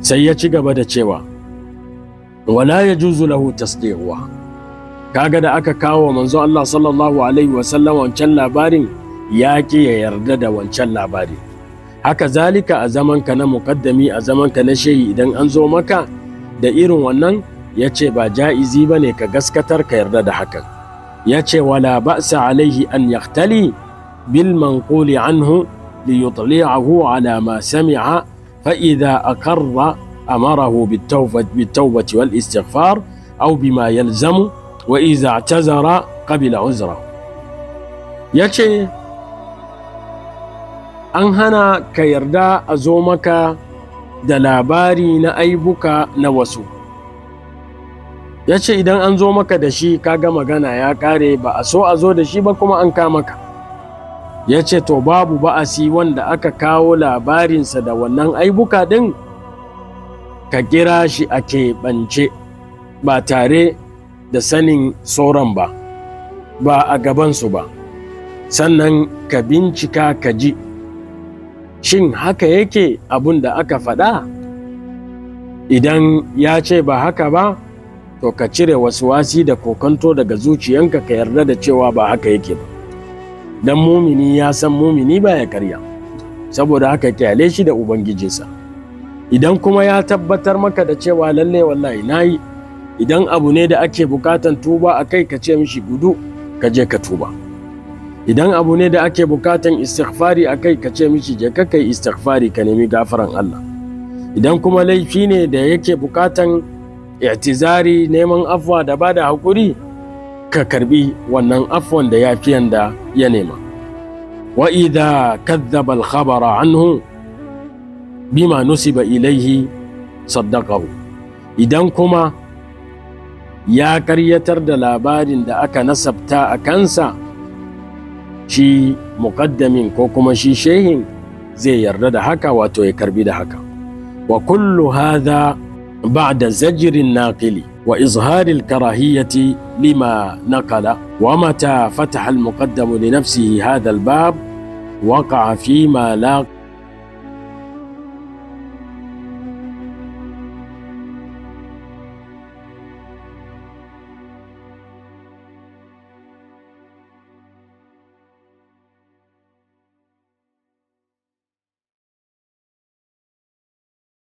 sai ya ci gaba da cewa wala ya juzu lahu tasdiquha kaga da aka kawo manzo Allah sallallahu alaihi wasallam wancan labarin ya ki ya yarda da wancan labari haka zalika a ka na muqaddami a ka na shehi idan an zo maka da irin wannan ya ce ba ja'izi ba ne ka gaskatar ka yarda da hakan ya ce wala ba'sa alaihi an yaktali bil manquli anhu li yutli'ahu ala ma sami'a فإذا أقر أمره بالتوبة, بالتوبة والاستغفار أو بما يلزم وإذا اعتذر قبل عذره يتي أن هنا كيردا أزومك دلاباري نأيبك نوسو يتي إذا أنزومك دشي كاغا مغانا يا كاري بأسو أزو دشي أنكامك ya ce to babu ba'asi wanda aka kawo labarinsa da wannan aibuka ɗin ka kira shi a keɓance ba tare da sanin sauran ba ba a gabansu ba sannan ka bincika ka ji shin haka yake abun da aka faɗa idan ya ce ba haka ba to ka cire wasu wasi da kokonto daga zuciyanka ka yarda da cewa ba haka yake ba dan mumini ya san mumini ya karya saboda haka kyale shi da ubangijinsa idan kuma ya tabbatar maka da cewa lalle wallahi nayi idan abu ne da ake bukatan tuba a kai ka ce mishi gudu ka je ka tuba idan abu ne da ake bukatan istighfari a kai ka ce mishi je ka kai istighfari ka nemi gafaran Allah idan kuma laifi ne da yake bukatan i'tizari neman afwa da bada hakuri ka karbi wannan afwan da yafiyan da ya nema wa idha kadhaba al-khabara anhu bima nusiba ilaihi saddaqahu idan kuma ya karyatar da labarin da aka nasabta a kansa shi muqaddamin ko kuma shi shehin zai yarda da haka wato ya karbi da haka wa kullu hadha بعد زجر الناقل وإظهار الكراهية لما نقل ومتى فتح المقدم لنفسه هذا الباب وقع فيما لاق